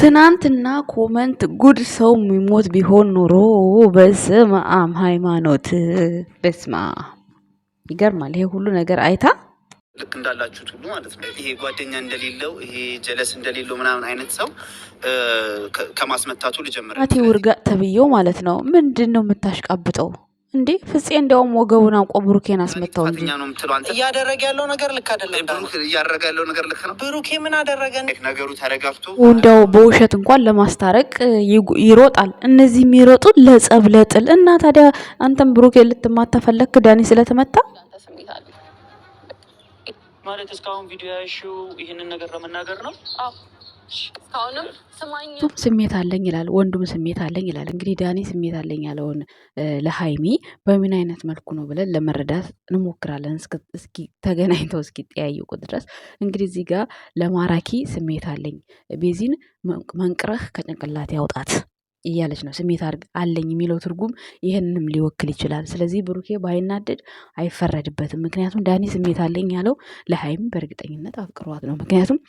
ትናንትና ኮመንት ጉድ ሰው የሚሞት ቢሆን ኖሮ በስመ አብ ሃይማኖት፣ በስመ አብ ይገርማል። ይሄ ሁሉ ነገር አይታ ልክ እንዳላችሁት ሁሉ ማለት ነው። ይሄ ጓደኛ እንደሌለው ይሄ ጀለስ እንደሌለው ምናምን አይነት ሰው ከማስመታቱ ልጀምረ ውርጋጥ ተብዬው ማለት ነው። ምንድን ነው የምታሽቃብጠው? እንዴ ፍፄ እንዲያውም ወገቡን አንቆ ብሩኬን አስመታው እንጂ እያደረገ ያለው ነገር ልክ አይደለም። እያደረገ ያለው ነገር ልክ ነው። ብሩኬ ምን አደረገ? ነገሩ ተረጋግቶ እንዲያው በውሸት እንኳን ለማስታረቅ ይሮጣል። እነዚህ የሚሮጡ ለጸብ ለጥል እና ታዲያ አንተም ብሩኬ ልትማተፈለክ ዳኒ ስለተመታ ማለት እስካሁን ቪዲዮ ያሽው ይህንን ነገር ለመናገር ነው። ቱም ስሜት አለኝ ይላል፣ ወንዱም ስሜት አለኝ ይላል። እንግዲህ ዳኒ ስሜት አለኝ ያለውን ለሀይሚ በምን አይነት መልኩ ነው ብለን ለመረዳት እንሞክራለን። እስኪ ተገናኝተው እስኪጠያየቁ ድረስ እንግዲህ እዚህ ጋር ለማራኪ ስሜት አለኝ ቤዚን መንቅረህ ከጭንቅላት ያውጣት እያለች ነው። ስሜት አለኝ የሚለው ትርጉም ይህንንም ሊወክል ይችላል። ስለዚህ ብሩኬ ባይናደድ አይፈረድበትም። ምክንያቱም ዳኒ ስሜት አለኝ ያለው ለሀይሚ በእርግጠኝነት አፍቅሯት ነው። ምክንያቱም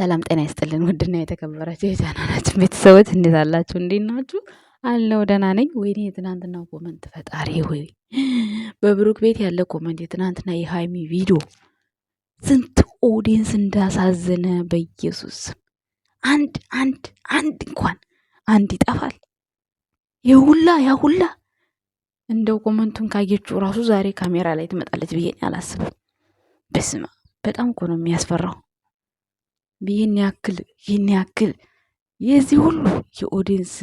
ሰላም ጤና ይስጥልን። ውድና የተከበራችሁ የቻናላችን ቤተሰቦች እንዴት አላችሁ? እንዴት ናችሁ? አለው ደህና ነኝ። ወይኔ የትናንትና ኮመንት ፈጣሪ ወይ በብሩክ ቤት ያለ ኮመንት፣ የትናንትና የሃይሚ ቪዲዮ ስንት ኦዲንስ እንዳሳዘነ በኢየሱስ አንድ አንድ አንድ እንኳን አንድ ይጠፋል። የሁላ ያ ሁላ እንደው ኮመንቱን ካየችው ራሱ ዛሬ ካሜራ ላይ ትመጣለች ብዬ አላስብም። በስመ በጣም እኮ ነው የሚያስፈራው። ይህን ያክል ይህን ያክል የዚህ ሁሉ የኦዲንስ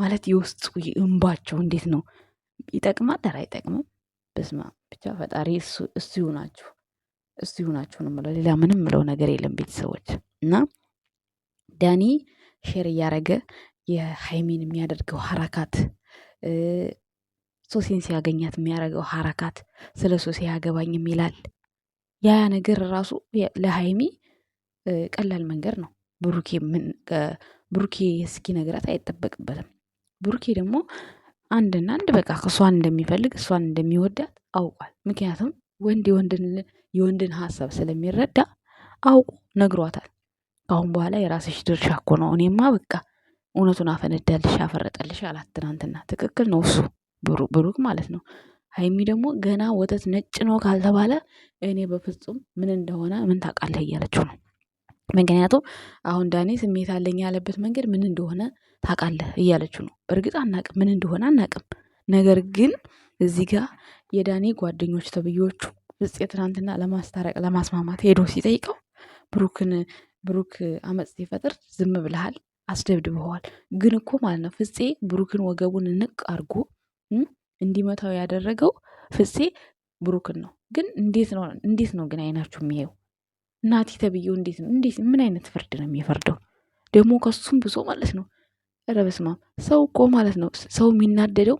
ማለት የውስጡ እንባቸው እንዴት ነው ይጠቅማል? ኧረ አይጠቅምም። በስማ ብቻ ፈጣሪ እሱ ይሁናችሁ፣ እሱ ይሁናችሁ ነው ምለው። ሌላ ምንም ምለው ነገር የለም። ቤተሰቦች እና ዳኒ ሼር እያደረገ የሃይሚን የሚያደርገው ሀረካት ሶሴን ሲያገኛት የሚያደርገው ሀረካት ስለ ሶሴ ያገባኝም ይላል። ያ ነገር ራሱ ለሃይሚ ቀላል መንገድ ነው። ብሩኬ ምን ብሩኬ እስኪ ነገራት አይጠበቅበትም። ብሩኬ ደግሞ አንድና አንድ በቃ እሷን እንደሚፈልግ እሷን እንደሚወዳት አውቋል። ምክንያቱም ወንድ የወንድን ሀሳብ ስለሚረዳ አውቁ ነግሯታል። ከአሁን በኋላ የራስሽ ድርሻ እኮ ነው። እኔማ በቃ እውነቱን አፈነዳልሽ አፈረጠልሽ አላት ትናንትና። ትክክል ነው እሱ ብሩክ ማለት ነው። ሀይሚ ደግሞ ገና ወተት ነጭ ነው ካልተባለ እኔ በፍጹም ምን እንደሆነ ምን ታውቃለህ እያለችው ነው። ምክንያቱም አሁን ዳኒ ስሜት አለኝ ያለበት መንገድ ምን እንደሆነ ታውቃለህ እያለችው ነው። በእርግጥ አናቅም፣ ምን እንደሆነ አናቅም። ነገር ግን እዚህ ጋር የዳኒ ጓደኞች ተብዬዎቹ ብጽ ትናንትና ለማስታረቅ ለማስማማት ሄዶ ሲጠይቀው ብሩክን ብሩክ አመፅ ሲፈጥር ዝም ብለሃል፣ አስደብድበዋል። ግን እኮ ማለት ነው ፍፄ ብሩክን ወገቡን ንቅ አድርጎ እንዲመታው ያደረገው ፍፄ ብሩክን ነው። ግን ነው እንዴት ነው ግን አይናችሁ የሚሄው ናቲ ተብዬው እንዴት ነው እንዴት ምን አይነት ፍርድ ነው የሚፈርደው? ደግሞ ከሱም ብሶ ማለት ነው። ኧረ በስመ አብ ሰው እኮ ማለት ነው ሰው የሚናደደው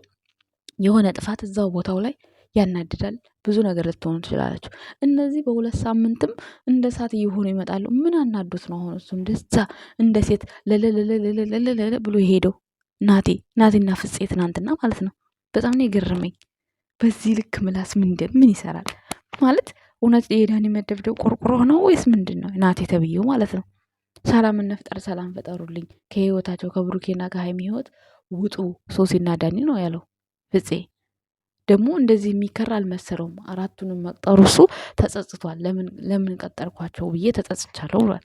የሆነ ጥፋት እዛው ቦታው ላይ ያናድዳል። ብዙ ነገር ልትሆኑ ትችላላችሁ። እነዚህ በሁለት ሳምንትም እንደ ሳት እየሆኑ ይመጣሉ። ምን አናዱት ነው አሁን እሱም ደዛ እንደ ሴት ለለለለለለለለ ብሎ የሄደው ናቴ ናቴና ፍፄ ትናንትና ማለት ነው። በጣም ነው የገረመኝ። በዚህ ልክ ምላስ ምን ምን ይሰራል ማለት እውነት የዳኒ መደብደብ ቆርቆሮ ነው ወይስ ምንድን ነው? ናት የተብዬው ማለት ነው። ሰላም እንፍጠር፣ ሰላም ፈጠሩልኝ ከህይወታቸው ከብሩኬና ከሀይሚ ህይወት ውጡ ሶሲና ዳኒ ነው ያለው ፍፄ ደግሞ እንደዚህ የሚከራ አልመሰለውም። አራቱንም መቅጠሩ እሱ ተጸጽቷል። ለምን ቀጠርኳቸው ብዬ ተጸጽቻለሁ ብሏል።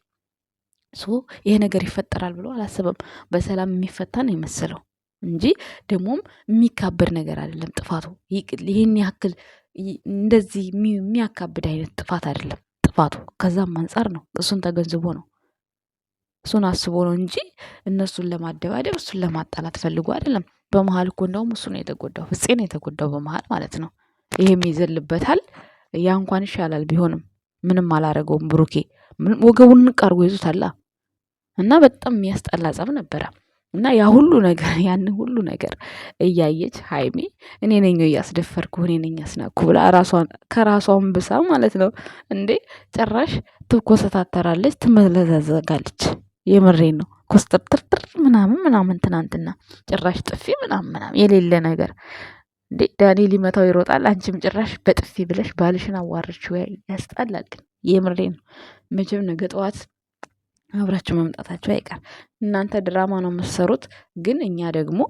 ሶ ይሄ ነገር ይፈጠራል ብሎ አላሰበም። በሰላም የሚፈታ ነው የመሰለው እንጂ ደግሞም የሚካበድ ነገር አይደለም ጥፋቱ ይህን ያክል እንደዚህ የሚያካብድ አይነት ጥፋት አይደለም ጥፋቱ። ከዛም አንጻር ነው እሱን ተገንዝቦ ነው እሱን አስቦ ነው እንጂ እነሱን ለማደባደብ እሱን ለማጣላት ፈልጎ አይደለም። በመሀል እኮ እንደውም እሱ ነው የተጎዳው፣ ፍጼ ነው የተጎዳው በመሀል ማለት ነው። ይሄም ይዘልበታል። ያ እንኳን ይሻላል። ቢሆንም ምንም አላረገውም ብሩኬ፣ ወገቡን ንቅ አርጎ ይዞታላ እና በጣም የሚያስጠላ ጸብ ነበረ። እና ያ ሁሉ ነገር ያን ሁሉ ነገር እያየች ሀይሚ እኔ ነኝ እያስደፈርኩ እኔ ነኝ ያስናኩ ብላ ራሷን ከራሷን ብሳ ማለት ነው እንዴ ጭራሽ ትኮሰታተራለች፣ ትመለዘዘጋለች። የምሬ ነው። ኮስተርትርትር ምናምን ምናምን ትናንትና ጭራሽ ጥፊ ምናምን ምናምን የሌለ ነገር እንዴ ዳኒ ሊመታው ይሮጣል። አንቺም ጭራሽ በጥፊ ብለሽ ባልሽን አዋርች። ያስጠላል። ግን የምሬ ነው። መቼም ነገ ጠዋት አብራችሁ መምጣታችሁ አይቀር። እናንተ ድራማ ነው የምትሰሩት፣ ግን እኛ ደግሞ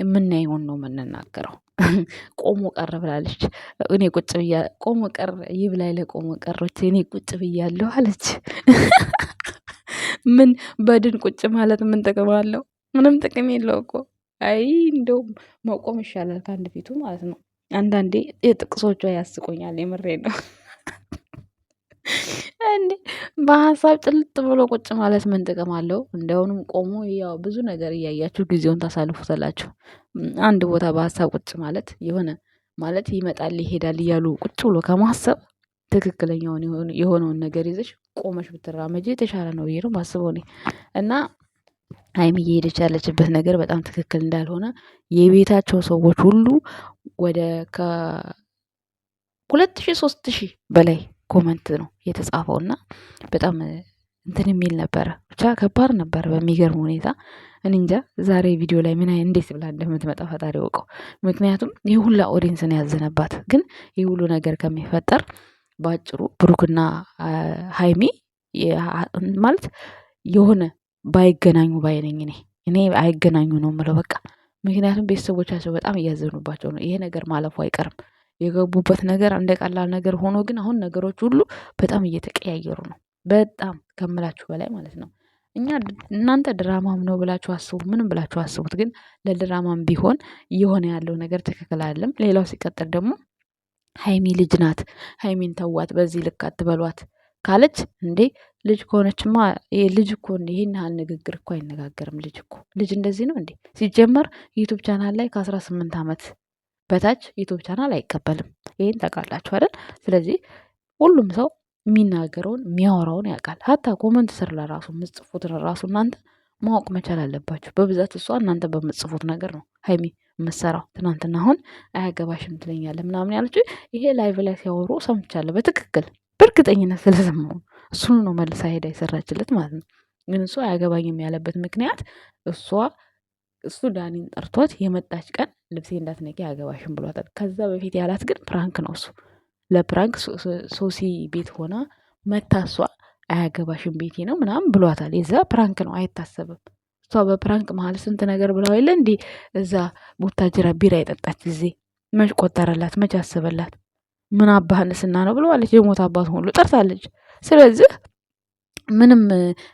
የምናየውን ነው የምንናገረው። ቆሞ ቀር ብላለች። እኔ ቁጭ ብያ ቆሞ ቀር ይብላይ ለቆሞ ቀሮች እኔ ቁጭ ብያለሁ አለች። ምን በድን ቁጭ ማለት ምን ጥቅም አለው? ምንም ጥቅም የለው እኮ። አይ እንደው መቆም ይሻላል ከአንድ ፊቱ ማለት ነው። አንዳንዴ የጥቅሶቿ ያስቆኛል። የምሬ ነው። እንዴ በሀሳብ ጭልጥ ብሎ ቁጭ ማለት ምን ጥቅም አለው? እንደውንም ቆሞ ያው ብዙ ነገር እያያችሁ ጊዜውን ታሳልፉታላችሁ። አንድ ቦታ በሀሳብ ቁጭ ማለት የሆነ ማለት ይመጣል ይሄዳል እያሉ ቁጭ ብሎ ከማሰብ ትክክለኛውን የሆነውን ነገር ይዘሽ ቆመሽ ብትራመጂ የተሻለ ነው ብዬ ነው የማስበው እኔ እና ሀይሚ እየሄደች ያለችበት ነገር በጣም ትክክል እንዳልሆነ የቤታቸው ሰዎች ሁሉ ወደ ከሁለት ሺህ ሶስት ሺህ በላይ ኮመንት ነው የተጻፈው እና በጣም እንትን የሚል ነበረ። ብቻ ከባድ ነበረ በሚገርም ሁኔታ። እንጃ ዛሬ ቪዲዮ ላይ ምን እንዴት ብላ እንደምትመጣ ፈጣሪ ወቀው። ምክንያቱም ይህ ሁላ ኦዲየንስን ያዘነባት ግን ይህ ሁሉ ነገር ከሚፈጠር በአጭሩ ብሩክና ሀይሚ ማለት የሆነ ባይገናኙ ባይነኝ እኔ እኔ አይገናኙ ነው ምለው በቃ። ምክንያቱም ቤተሰቦቻቸው በጣም እያዘኑባቸው ነው። ይሄ ነገር ማለፉ አይቀርም። የገቡበት ነገር እንደ ቀላል ነገር ሆኖ ግን አሁን ነገሮች ሁሉ በጣም እየተቀያየሩ ነው። በጣም ከምላችሁ በላይ ማለት ነው። እኛ እናንተ ድራማም ነው ብላችሁ አስቡ ምንም ብላችሁ አስቡት፣ ግን ለድራማም ቢሆን እየሆነ ያለው ነገር ትክክል አይደለም። ሌላው ሲቀጥል ደግሞ ሀይሚ ልጅ ናት። ሀይሚን ተዋት፣ በዚህ ልክ አትበሏት ካለች እንዴ ልጅ ከሆነችማ ልጅ እኮ ይህን ያህል ንግግር እኮ አይነጋገርም። ልጅ እኮ ልጅ እንደዚህ ነው እንዴ? ሲጀመር ዩቱብ ቻናል ላይ ከአስራ ስምንት ዓመት በታች ዩቱብ ቻናል አይቀበልም። ይህን ታውቃላችሁ አይደል? ስለዚህ ሁሉም ሰው የሚናገረውን የሚያወራውን ያውቃል። ሀታ ኮመንት ስር ለራሱ የምጽፉትን ራሱ እናንተ ማወቅ መቻል አለባችሁ። በብዛት እሷ እናንተ በምጽፉት ነገር ነው ሀይሚ የምትሰራው። ትናንትና አሁን አያገባሽም ትለኛለ ምናምን ያለች ይሄ ላይቭ ላይ ሲያወሩ ሰምቻለሁ። በትክክል በእርግጠኝነት ስለሰማሁ እሱን ነው መልሳ ሄዳ የሰራችለት ማለት ነው። ግን እሷ አያገባኝም ያለበት ምክንያት እሷ እሱ ዳኒን ጠርቷት የመጣች ቀን ልብሴ እንዳትነቂ አገባሽም ብሏታል። ከዛ በፊት ያላት ግን ፕራንክ ነው። እሱ ለፕራንክ ሶሲ ቤት ሆና መታሷ አያገባሽም ቤቴ ነው ምናምን ብሏታል። የዛ ፕራንክ ነው አይታሰብም። እሷ በፕራንክ መሀል ስንት ነገር ብለው የለ እንዲ እዛ ቡታጅራ ቢራ የጠጣች ጊዜ መች ቆጠረላት? መች አሰበላት? ምን አባህንስና ነው ብለዋለች። የሞት አባት ሁሉ ጠርታለች። ስለዚህ ምንም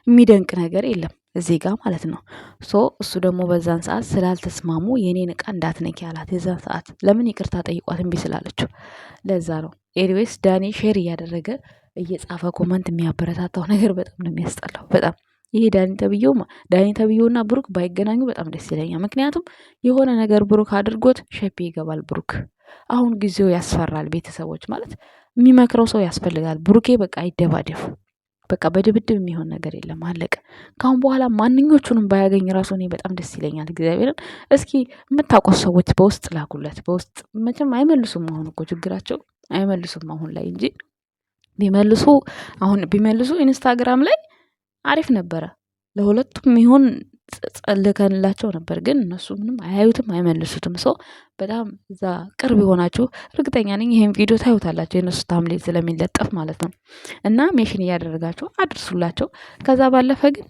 የሚደንቅ ነገር የለም። እዚህ ጋር ማለት ነው። ሶ እሱ ደግሞ በዛን ሰዓት ስላልተስማሙ የኔን እቃ እንዳትነኪ አላት። የዛን ሰዓት ለምን ይቅርታ ጠይቋት እምቢ ስላለችው ለዛ ነው። ኤኒዌይስ ዳኒ ሼር እያደረገ እየጻፈ ኮመንት የሚያበረታታው ነገር በጣም ነው የሚያስጠላው። በጣም ይሄ ዳኒ ተብዬው ዳኒ ተብዬውና ብሩክ ባይገናኙ በጣም ደስ ይለኛል። ምክንያቱም የሆነ ነገር ብሩክ አድርጎት ሸፔ ይገባል። ብሩክ አሁን ጊዜው ያስፈራል። ቤተሰቦች ማለት የሚመክረው ሰው ያስፈልጋል። ብሩኬ በቃ አይደባደፉ። በቃ በድብድብ የሚሆን ነገር የለም። አለቀ። ከአሁን በኋላ ማንኞቹንም ባያገኝ ራሱ እኔ በጣም ደስ ይለኛል። እግዚአብሔርን እስኪ የምታውቋት ሰዎች በውስጥ ላኩለት። በውስጥ መቼም አይመልሱም። አሁን እኮ ችግራቸው አይመልሱም አሁን ላይ እንጂ ቢመልሱ አሁን ቢመልሱ ኢንስታግራም ላይ አሪፍ ነበረ። ለሁለቱም ይሁን ጸልከንላቸው ነበር ግን እነሱ ምንም አያዩትም አይመልሱትም። ሶ በጣም እዛ ቅርብ የሆናችሁ እርግጠኛ ነኝ ይህም ቪዲዮ ታዩታላቸው የእነሱ ታምሌት ስለሚለጠፍ ማለት ነው። እና ሜሽን እያደረጋችሁ አድርሱላቸው። ከዛ ባለፈ ግን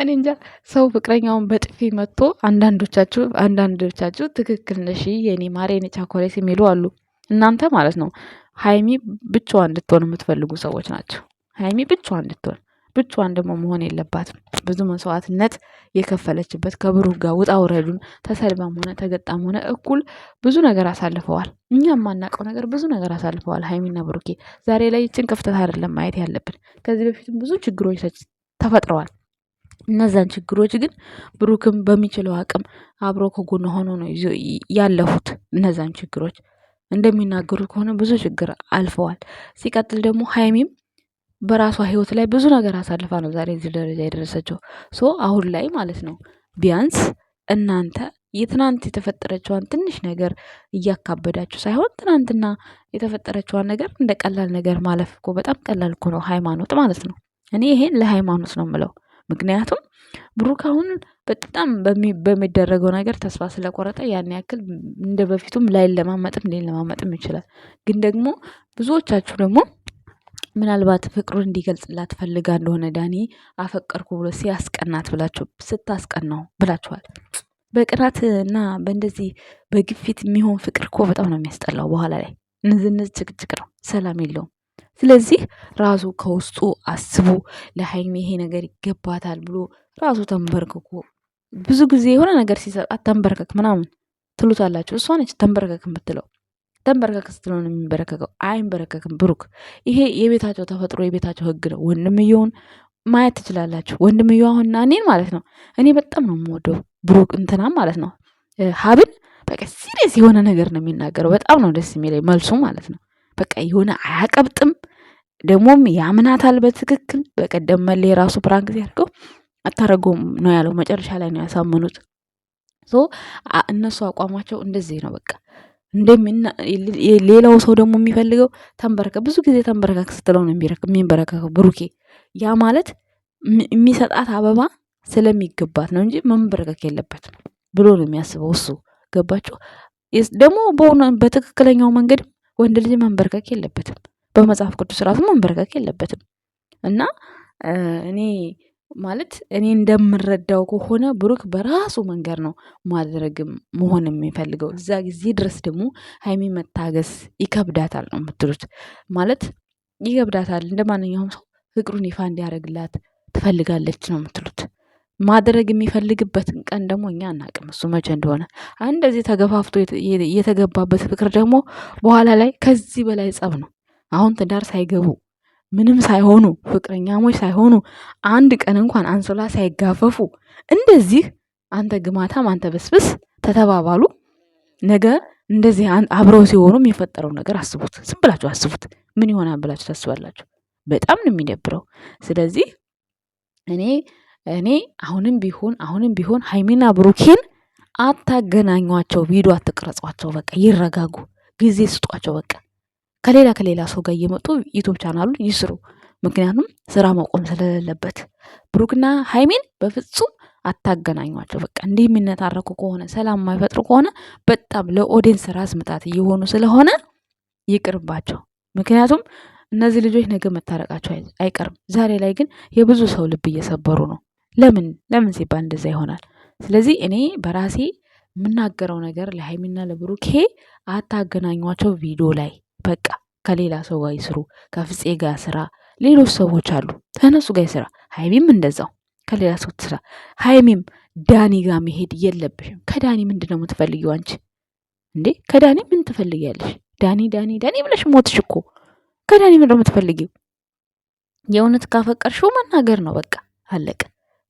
እኔ እንጃ ሰው ፍቅረኛውን በጥፊ መጥቶ አንዳንዶቻችሁ አንዳንዶቻችሁ ትክክል ነሽ የኔ ማር የኔ ቻኮሌት የሚሉ አሉ። እናንተ ማለት ነው ሀይሚ ብቻዋ እንድትሆን የምትፈልጉ ሰዎች ናቸው። ሀይሚ ብቻዋ እንድትሆን ብቻዋን ደግሞ መሆን የለባትም። ብዙ መስዋዕትነት የከፈለችበት ከብሩክ ጋር ውጣ ውረዱን ተሰልባም ሆነ ተገጣም ሆነ እኩል ብዙ ነገር አሳልፈዋል። እኛ የማናውቀው ነገር ብዙ ነገር አሳልፈዋል ሀይሚና ብሩኬ። ዛሬ ላይ ይችን ክፍተት አይደለም ማየት ያለብን። ከዚህ በፊትም ብዙ ችግሮች ተፈጥረዋል። እነዛን ችግሮች ግን ብሩክም በሚችለው አቅም አብሮ ከጎን ሆኖ ነው ያለፉት። እነዛን ችግሮች እንደሚናገሩት ከሆነ ብዙ ችግር አልፈዋል። ሲቀጥል ደግሞ ሀይሚም በራሷ ህይወት ላይ ብዙ ነገር አሳልፋ ነው ዛሬ እዚህ ደረጃ የደረሰችው። ሶ አሁን ላይ ማለት ነው ቢያንስ እናንተ የትናንት የተፈጠረችዋን ትንሽ ነገር እያካበዳችሁ ሳይሆን ትናንትና የተፈጠረችዋን ነገር እንደ ቀላል ነገር ማለፍ እኮ በጣም ቀላል እኮ ነው። ሃይማኖት ማለት ነው። እኔ ይሄን ለሃይማኖት ነው የምለው። ምክንያቱም ብሩክ አሁን በጣም በሚደረገው ነገር ተስፋ ስለቆረጠ ያን ያክል እንደ በፊቱም ሌን ለማመጥም ይችላል። ግን ደግሞ ብዙዎቻችሁ ደግሞ ምናልባት ፍቅሩን እንዲገልጽላት ፈልጋ እንደሆነ ዳኒ አፈቀርኩ ብሎ ሲያስቀናት ብላችሁ ስታስቀናው ብላችኋል። በቅናት እና በእንደዚህ በግፊት የሚሆን ፍቅር እኮ በጣም ነው የሚያስጠላው። በኋላ ላይ ንዝንዝ፣ ጭቅጭቅ ነው፣ ሰላም የለውም። ስለዚህ ራሱ ከውስጡ አስቦ ለሀይሚ ይሄ ነገር ይገባታል ብሎ ራሱ ተንበርክኮ ብዙ ጊዜ የሆነ ነገር ሲሰጣት ተንበርከክ ምናምን ትሉታላችሁ። እሷ ነች ተንበርከክ የምትለው ተንበረከክ ስትለው ነው የሚንበረከከው፣ አይንበረከክም። ብሩክ ይሄ የቤታቸው ተፈጥሮ የቤታቸው ህግ ነው። ወንድምየውን ማየት ትችላላችሁ። ወንድምየው አሁንና እኔን ማለት ነው እኔ በጣም ነው የምወደው ብሩክ እንትና ማለት ነው ሀብን በቃ ሲሪየስ የሆነ ነገር ነው የሚናገረው። በጣም ነው ደስ የሚለኝ መልሱ ማለት ነው። በቃ የሆነ አያቀብጥም፣ ደግሞም ያምናታል በትክክል። በቀደም መሌ የራሱ ፕራንክ ሲያደርገው አታረገውም ነው ያለው። መጨረሻ ላይ ነው ያሳመኑት። እነሱ አቋማቸው እንደዚህ ነው በቃ እንደምና ሌላው ሰው ደግሞ የሚፈልገው ተንበረከ ብዙ ጊዜ ተንበረከክ ስትለው ነው የሚንበረከከው ብሩኬ። ያ ማለት የሚሰጣት አበባ ስለሚገባት ነው እንጂ መንበረከክ የለበትም ብሎ ነው የሚያስበው እሱ። ገባችሁ? ደግሞ በሆነ በትክክለኛው መንገድ ወንድ ልጅ መንበረከክ የለበትም። በመጽሐፍ ቅዱስ ራሱ መንበረከክ የለበትም እና እኔ ማለት እኔ እንደምረዳው ከሆነ ብሩክ በራሱ መንገድ ነው ማድረግም መሆን የሚፈልገው። እዛ ጊዜ ድረስ ደግሞ ሀይሚ መታገስ ይከብዳታል ነው የምትሉት። ማለት ይከብዳታል፣ እንደ ማንኛውም ሰው ፍቅሩን ይፋ እንዲያደርግላት ትፈልጋለች ነው የምትሉት። ማድረግ የሚፈልግበትን ቀን ደግሞ እኛ አናቅም፣ እሱ መቼ እንደሆነ። እንደዚህ ተገፋፍቶ የተገባበት ፍቅር ደግሞ በኋላ ላይ ከዚህ በላይ ጸብ ነው። አሁን ትዳር ሳይገቡ ምንም ሳይሆኑ ፍቅረኛሞች ሳይሆኑ አንድ ቀን እንኳን አንሶላ ሳይጋፈፉ እንደዚህ አንተ ግማታም አንተ በስብስ ተተባባሉ። ነገ እንደዚህ አብረው ሲሆኑ የሚፈጠረው ነገር አስቡት። ዝም ብላችሁ አስቡት። ምን ይሆናል ብላችሁ ታስባላችሁ? በጣም ነው የሚደብረው። ስለዚህ እኔ እኔ አሁንም ቢሆን አሁንም ቢሆን ሀይሚና ብሩኬን አታገናኟቸው፣ ቪዲዮ አትቅረጿቸው። በቃ ይረጋጉ፣ ጊዜ ስጧቸው። በቃ ከሌላ ከሌላ ሰው ጋር እየመጡ ዩቱብ ቻናሉ ይስሩ። ምክንያቱም ስራ መቆም ስለሌለበት ብሩክና ሀይሜን በፍጹም አታገናኟቸው። በቃ እንዲህ የሚነታረኩ ከሆነ ሰላም የማይፈጥሩ ከሆነ በጣም ለኦዲየንስ ራስ ምታት እየሆኑ ስለሆነ ይቅርባቸው። ምክንያቱም እነዚህ ልጆች ነገ መታረቃቸው አይቀርም። ዛሬ ላይ ግን የብዙ ሰው ልብ እየሰበሩ ነው። ለምን ለምን ሲባል እንደዛ ይሆናል። ስለዚህ እኔ በራሴ የምናገረው ነገር ለሀይሚና ለብሩኬ አታገናኟቸው ቪዲዮ ላይ በቃ ከሌላ ሰው ጋር ይስሩ፣ ከፍፄ ጋር ስራ፣ ሌሎች ሰዎች አሉ ከእነሱ ጋር ይስራ። ሀይሚም እንደዛው ከሌላ ሰው ትስራ። ሀይሚም ዳኒ ጋር መሄድ የለብሽም። ከዳኒ ምንድን ነው የምትፈልጊው አንቺ እንዴ? ከዳኒ ምን ትፈልጊያለሽ? ዳኒ ዳኒ ዳኒ ብለሽ ሞትሽ እኮ። ከዳኒ ምንድን ነው የምትፈልጊው? የእውነት ካፈቀርሽው መናገር ነው በቃ አለቀ።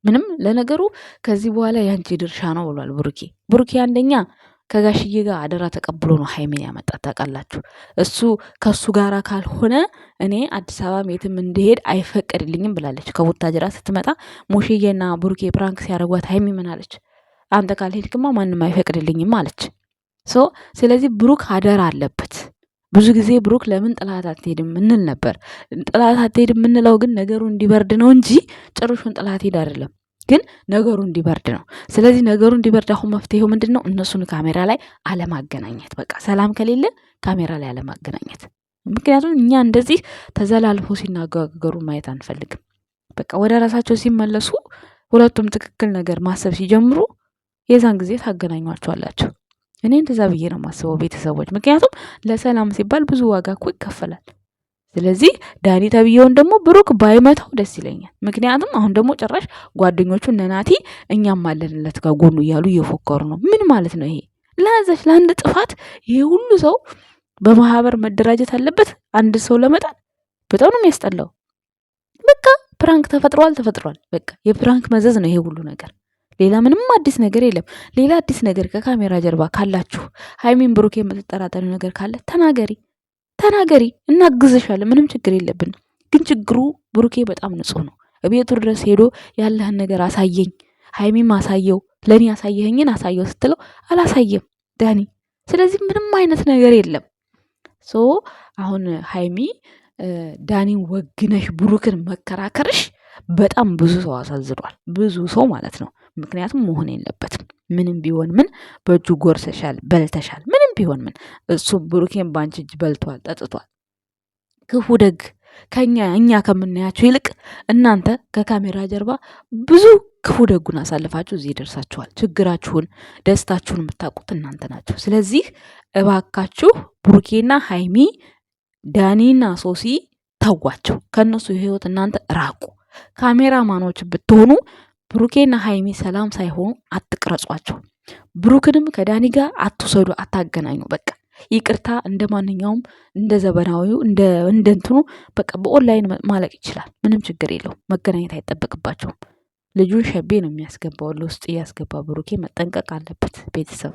ምንም ለነገሩ ከዚህ በኋላ የአንቺ ድርሻ ነው ብሏል ብሩኬ። ብሩኬ አንደኛ ከጋሽዬ ጋር አደራ ተቀብሎ ነው ሀይሜን ያመጣት። ታውቃላችሁ እሱ ከእሱ ጋር ካልሆነ እኔ አዲስ አበባ የትም እንድሄድ አይፈቀድልኝም ብላለች። ከቡታጅራ ስትመጣ ሞሽዬና ቡርኬ ፕራንክ ሲያደርጓት ሀይሜ ምን አለች? አንተ ካልሄድክማ ማንም አይፈቅድልኝም አለች። ሶ ስለዚህ ብሩክ አደራ አለበት። ብዙ ጊዜ ብሩክ ለምን ጥላት አትሄድም እንል ነበር። ጥላት አትሄድም የምንለው ግን ነገሩ እንዲበርድ ነው እንጂ ጭሩሹን ጥላት ሄድ አይደለም። ግን ነገሩ እንዲበርድ ነው። ስለዚህ ነገሩ እንዲበርድ አሁን መፍትሄው ምንድን ነው? እነሱን ካሜራ ላይ አለማገናኘት። በቃ ሰላም ከሌለ ካሜራ ላይ አለማገናኘት። ምክንያቱም እኛ እንደዚህ ተዘላልፎ ሲናገሩ ማየት አንፈልግም። በቃ ወደ ራሳቸው ሲመለሱ ሁለቱም ትክክል ነገር ማሰብ ሲጀምሩ የዛን ጊዜ ታገናኟቸዋላቸው። እኔ እንደዛ ብዬ ነው የማስበው ቤተሰቦች። ምክንያቱም ለሰላም ሲባል ብዙ ዋጋ እኮ ይከፈላል። ስለዚህ ዳኒ ተብዬውን ደግሞ ብሩክ ባይመታው ደስ ይለኛል። ምክንያቱም አሁን ደግሞ ጭራሽ ጓደኞቹ ነናቲ እኛም አለንለት ከጎኑ እያሉ እየፎከሩ ነው። ምን ማለት ነው ይሄ? ለዛች ለአንድ ጥፋት ይሄ ሁሉ ሰው በማህበር መደራጀት አለበት? አንድ ሰው ለመጣል በጣም ነው የሚያስጠላው። በቃ ፕራንክ ተፈጥሯል ተፈጥሯል። በቃ የፕራንክ መዘዝ ነው ይሄ ሁሉ ነገር። ሌላ ምንም አዲስ ነገር የለም። ሌላ አዲስ ነገር ከካሜራ ጀርባ ካላችሁ ሀይሚን ብሩክ የምትጠራጠሪው ነገር ካለ ተናገሪ። ተናገሪ፣ እናግዝሻለን። ምንም ችግር የለብን። ግን ችግሩ ብሩኬ በጣም ንጹህ ነው። ቤቱ ድረስ ሄዶ ያለህን ነገር አሳየኝ፣ ሀይሚም አሳየው፣ ለእኔ ያሳየኸኝን አሳየው ስትለው አላሳየም ዳኒ። ስለዚህ ምንም አይነት ነገር የለም። ሶ አሁን ሀይሚ ዳኒን ወግነሽ ብሩክን መከራከርሽ በጣም ብዙ ሰው አሳዝኗል። ብዙ ሰው ማለት ነው። ምክንያቱም መሆን የለበትም ምንም ቢሆን ምን በእጁ ጎርሰሻል፣ በልተሻል ምንም ቢሆን ምን እሱ ብሩኬን ባንቺ እጅ በልቷል፣ ጠጥቷል። ክፉ ደግ ከኛ እኛ ከምናያችሁ ይልቅ እናንተ ከካሜራ ጀርባ ብዙ ክፉ ደጉን አሳልፋችሁ እዚህ ደርሳችኋል። ችግራችሁን፣ ደስታችሁን የምታውቁት እናንተ ናችሁ። ስለዚህ እባካችሁ ብሩኬና ሃይሚ ዳኒና ሶሲ ተዋቸው። ከእነሱ ህይወት እናንተ ራቁ። ካሜራማኖች ብትሆኑ ብሩኬና ሀይሚ ሰላም ሳይሆኑ አትቅረጿቸው። ብሩክንም ከዳኒ ጋር አትውሰዱ፣ አታገናኙ። በቃ ይቅርታ፣ እንደ ማንኛውም እንደ ዘመናዊው እንደ በቃ በኦንላይን ማለቅ ይችላል። ምንም ችግር የለውም። መገናኘት አይጠበቅባቸውም። ልጁን ሸቤ ነው የሚያስገባው፣ ለውስጥ እያስገባ ብሩኬ መጠንቀቅ አለበት ቤተሰብ